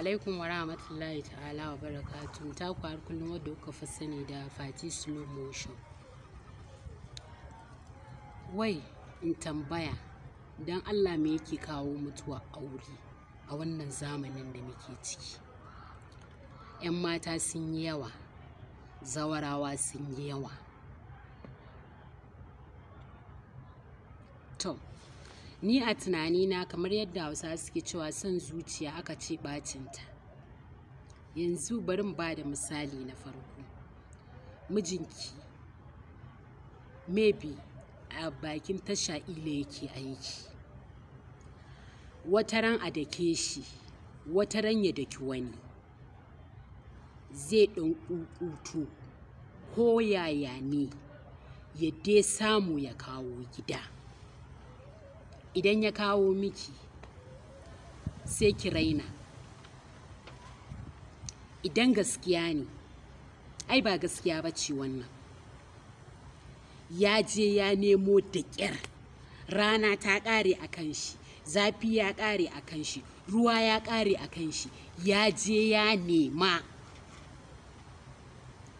alaikum wa rahmatullahi ta'ala wa barakatun ta har kullum wadda kuka fi sani da fati slow motion wai in tambaya don allah me yake kawo mutuwa a aure a wannan zamanin da muke ciki 'yan mata sun yi yawa zawarawa sun yi yawa ni a tunani na kamar yadda hausa suke cewa son zuciya aka ce bacinta yanzu bari ba da misali na farko mijinki maybe a bakin tasha ile yake aiki wataran a dake shi wata ran ya daki wani zai ɗan ƙuƙutu ko yaya ne ya dai samu ya kawo gida idan ya kawo miki sai ki raina idan gaskiya ne ai ba gaskiya ba ce wannan ya je ya nemo da ƙyar rana ta ƙare a kan shi zafi ya ƙare a kan shi ruwa ya ƙare a kan shi ya je ya nema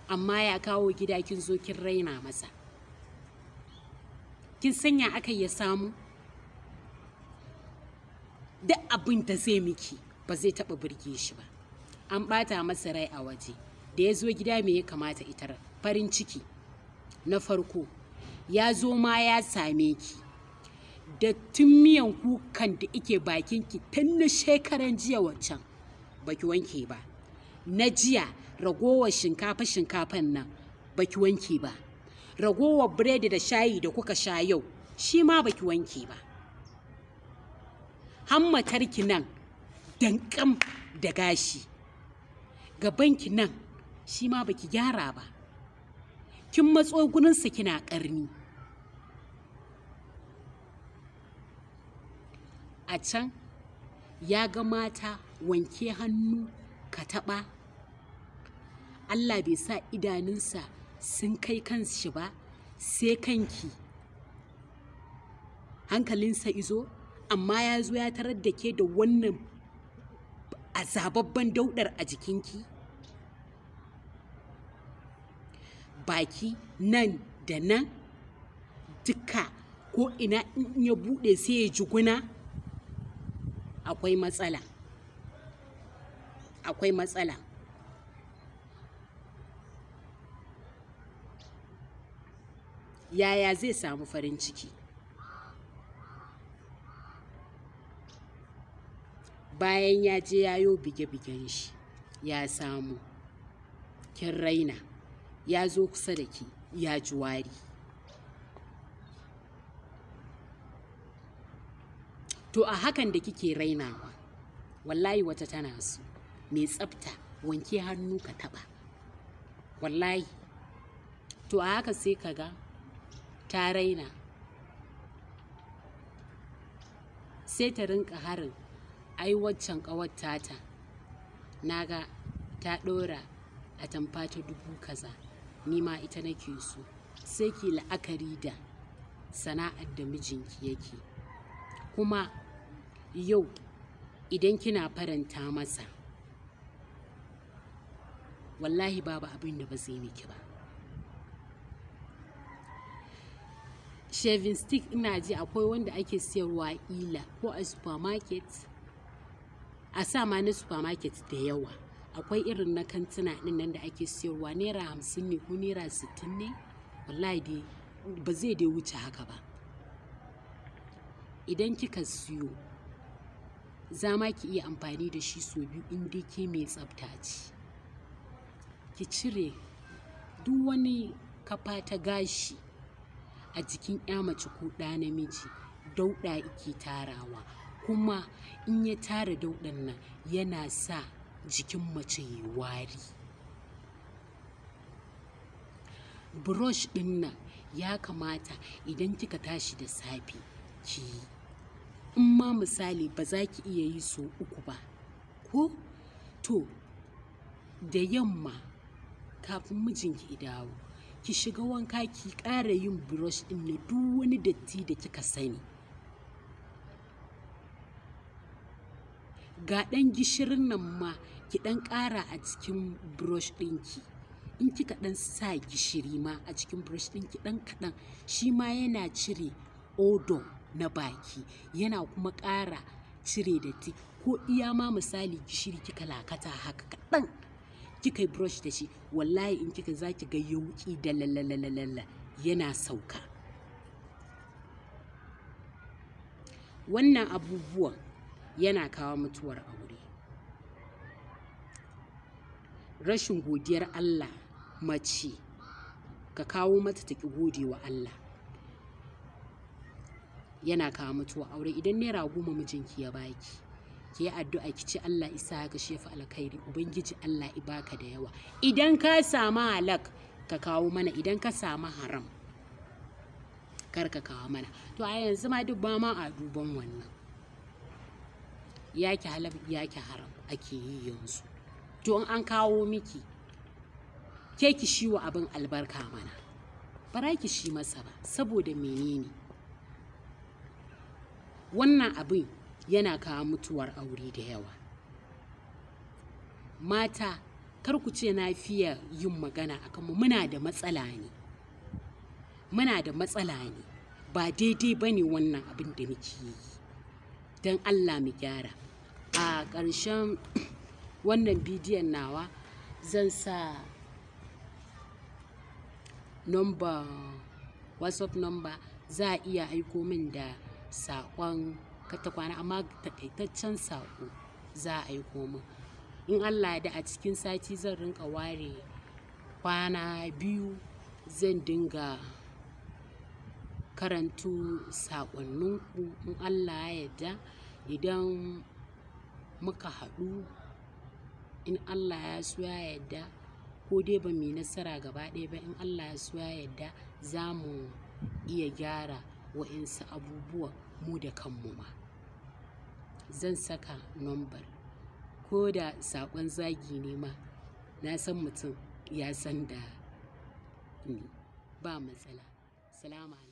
amma ya kawo gida kin zo kin raina masa kin sanya aka ya samu duk abin da zai miki ba zai taɓa burge shi ba an ɓata masa rai a waje da ya zo gida me ya kamata ita, farin ciki na farko ya zo ma ya same ki da tun miyan kukan da ike ki tun na shekaran jiya waccan baki wanke ba na jiya ragowar shinkafa shinkafan nan baki wanke ba ragowar biredi da shayi da kuka sha yau shi ma baki wanke ba hammatarki nan dankam da gashi gabanki nan shi ma baki gyara ba kin matso gurinsa kina karni a can ya ga mata wanke hannu ka taɓa allah bai sa idanunsa sun kai kansu ba sai kanki hankalinsa izo amma ya zo ya tarar da ke da wannan azababban daudar a jikinki baki nan da nan duka ko ina in ya bude sai ya jiguna akwai matsala akwai matsala yaya zai samu farin ciki bayan ya je ya yo bige-bigen shi ya samu kin raina ya zo kusa da ki ya ji wari to a hakan da kike rainawa wallahi wata tana so mai tsafta wanke hannu ka taba wallahi to a haka sai ka ga ta raina sai ta rinka harin ai waccan ƙawar na ga ta ɗora a tamfa ta dubu kaza ni ma ita nake so sai ki la'akari da sana'ar da mijinki yake kuma yau idan kina faranta masa wallahi babu abin da ba zai miki ba shaving stick ina ji akwai wanda ake siyarwa ila ko a supermarket a sa ma na supermarket da yawa akwai irin na kantuna din nan da ake siyarwa naira hamsin ne ko naira sittin ne wallahi dai ba zai dai wuce haka ba idan kika siyo za ma ki iya amfani da shi sau biyu in dai ke mai tsabta ce ki cire duk wani kafa ta gashi a jikin ya mace ko ɗa namiji dauɗa ke tarawa kuma in ya tara dauɗan nan yana sa jikin mace yi wari brush ɗin nan ya kamata idan kika tashi da safe ki yi in ma misali ba za ki iya yi so uku ba ko to da yamma kafin mijinki dawo ki shiga wanka ki ƙara yin brush ɗin na duk wani datti da kika sani ga ɗan gishirin nan ma ki ɗan ƙara a cikin brush ɗinki in kika ɗan sa gishiri ma a cikin brush ɗinki ɗan kaɗan shi ma yana cire odor na baki yana kuma ƙara cire datti ko iya ma misali gishiri kika lakata haka kaɗan kika yi brush da shi wallahi in kika za ki ga yauƙi da lalalalala yana sauka wannan abubuwan yana kawo mutuwar aure rashin godiyar Allah mace ka kawo mata ta ki gode wa Allah yana kawo mutuwar aure idan naira goma mijinki ya baki ki yi addu'a ki ci Allah isa ka shefa alkhairi ubangiji Allah ibaka da yawa idan ka samu halak ka kawo mana idan ka samu haram kar ka kawo mana to a yanzu ma duk ba ma a duban wannan yaki halal yaki haram ake yi yanzu to in an kawo miki ke ki shi wa abin albarka mana bara ki shi masa ba saboda menene wannan abin yana kawo mutuwar aure da yawa mata kar ku ce na fiye yin magana akan mu muna da matsala ne muna da matsala ne ba daidai ba ne wannan abin da muke yi don allah mu gyara a ƙarshen wannan bidiyon nawa zan sa number whatsapp number za a iya aiko min da saƙon katakwana amma takaitaccen saƙo za a aiko min in allah da a cikin sati zan rinka ware kwana biyu zan dinga Karantu saƙonninku in Allah ya yarda idan muka haɗu in Allah ya so ya yarda ko dai ba mu nasara gaba ɗaya ba in Allah ya so ya yarda za mu iya gyara wa'insu abubuwa mu da kanmu ma. Zan saka nombar ko da saƙon zagi ne ma na san mutum ya san da ba matsala. Salama.